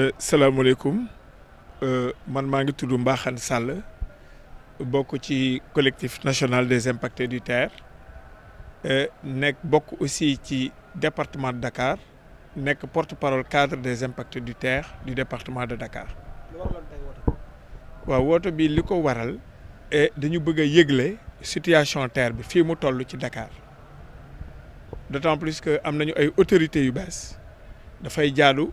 Euh, salaamaaleykum euh, man maa ngi tudd Mbaxane Sall bokk ci collectif national des impactés du terre Je euh, suis aussi ci département de Dakar nekk porte-parole cadre des impactés du terre du département de Dakar. que woote bi dire ko waral e, dañu bëgg a la situation TER bi fii mu toll ci Dakar d'autant plus que am nañu ay autorités yu bees dafay jaadu.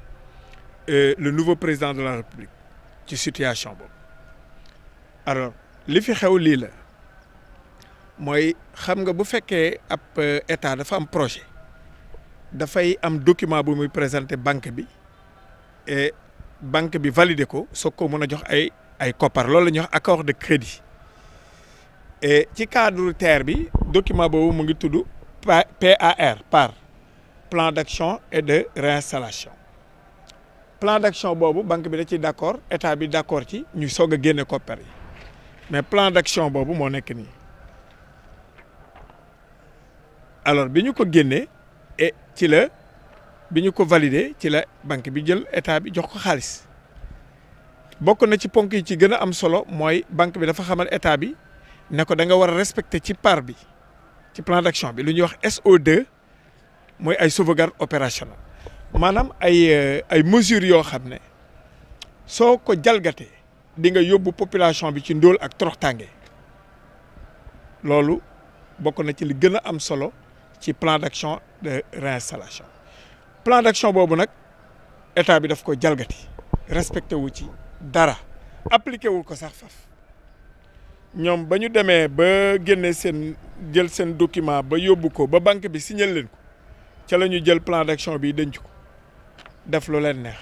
Euh, le nouveau président de la république qui situé à Chambon. alors ce qui est le la c'est que nga bu que ab euh, état dafa am projet a am document bu muy présenter banque bi et banque et la banque soog ko a jox ay ay accord de crédit et dans le cadre terre le document est mu PAR PAR plan d'action et de réinstallation plan d'action la banque bi da ci d'accord état bi d'accord ci ñu soog a le koppar mais plan d'action boobu moo nekk nii alors quand nous ko génnee et ci la bi ko valider ci la banque bi jël état bi jox ko Si bokk na ci ponk yi ci gën am solo banque bi dafa xamal état bi ne ko da nga respecter ci part bi ci plan d'action bi lu appelle wax SO2 c'est ay sauvegarde opérationnelle maanaam ay euh, ay mesures yo xamné soko dalgaté di nga yóbbu population bi ci ndol ak troxtangé loolu bokk na ci li gëna am solo ci plan d'action de réinstallation plan d'action bobu nak état bi daf ko dalgaté respecté wu ci dara appliqué wu ko sax faf ñom bañu démé ba génné sen jël sen document ba yobbu ko ba banque bi signal leen ko ci lañu jël plan d'action bi denc def lu leen neex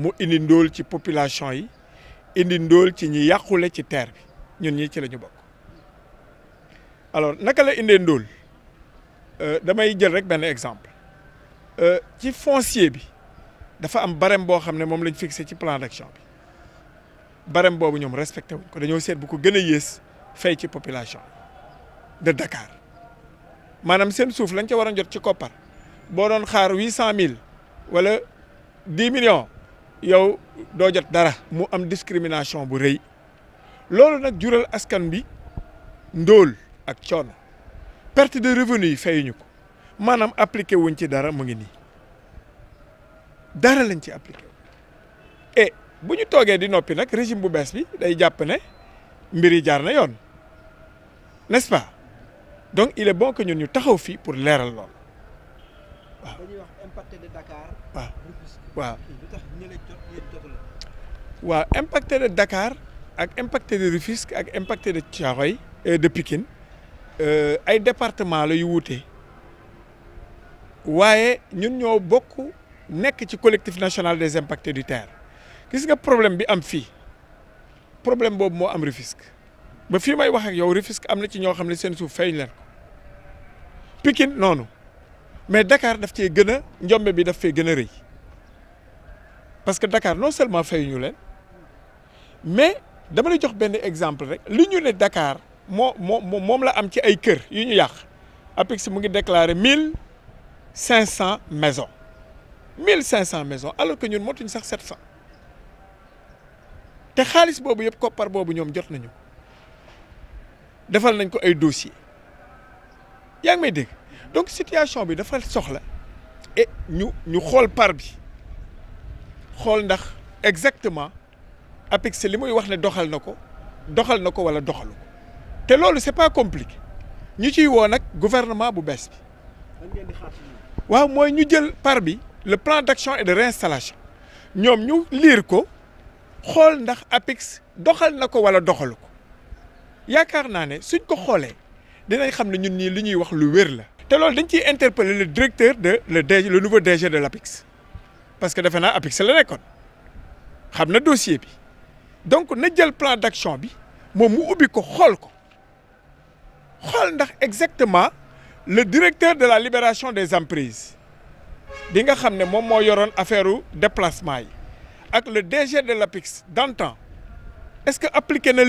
mu indi ndóol ci population yi indi ndóol ci ñi yàqule ci terre bi ñun ñi ci lañu bokk alors naka la indee ndóol euh, damay jël rek benn exemple euh, ci foncier bi dafa am barème boo xam ne moom lañ fixé ci plan d'action bi barème boobu ñoom respecté wuñ ko dañoo seet bu ko gën a yées fay ci population de Dakar maanaam seen suuf lañ ca war a jot ci koppar boo doon xaar huit cent mille wala 10 millions yow do jot dara mu am discrimination bu reuy loolu nak jural askan bi ndol ak tion perte de revenu yi fayuñu ko maanaam appliqué wuñ ci dara mu ngi ni dara lañ ci appliquer et buñu togué di nopi nak régime bu bess bi day japp né mbiri yi jaar na yoon n'est-ce pas donc il est bon que ñun ñu taxaw fi pour léral lool impact impacté de Dakar. et impacté de Dakar et impacté de Rufisque impacté de euh, de euh, ay département la yu que collectif national des impactés du terre gis nga problème bi am Le problème non. mo am ba may wax ak yow Rufisque amna ci ño seen mais Dakar, c'est le plus important. Parce que Dakar, non seulement fait une nouvelle, mais je vais vous donner un exemple. L'union de Dakar, c'est la qui a été créé. Après que j'ai déclaré 1500 maisons. 1500 maisons, alors que nous avons une 700. Et les chalices, ils ont tous les deux. Ils ont fait des dossiers. Vous m'entendez donc situation bi dafa soxla et ñu ñu xol par bi xol ndax exactement APEX li muy wax ne doxal doxal wala c'est pas compliqué ñu ci wo nak gouvernement bu bess bi ñu le plan d'action et de réinstallation nous ñu lire ko xol ndax APEX doxal nako wala doxalu ko né suñ ko xolé dinañ xam ñun li ñuy wax lu la c'est loolu dañ interpelle le directeur de le nouveau DG de l'APIX parce que APIX dossier Donc donc na le plan d'action bi avons exactement le directeur de la libération des emprises Nous déplacement le DG de l'APIX d'antan est-ce que appliqué na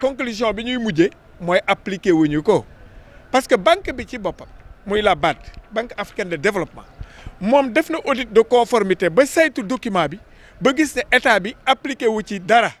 conclusion bi moy appliqué wuñu ko parce que banque bi ci bopam muy la BAD banque africaine de développement mom def na audit de conformité ba saytu document bi ba gis né état bi appliqué wu ci dara.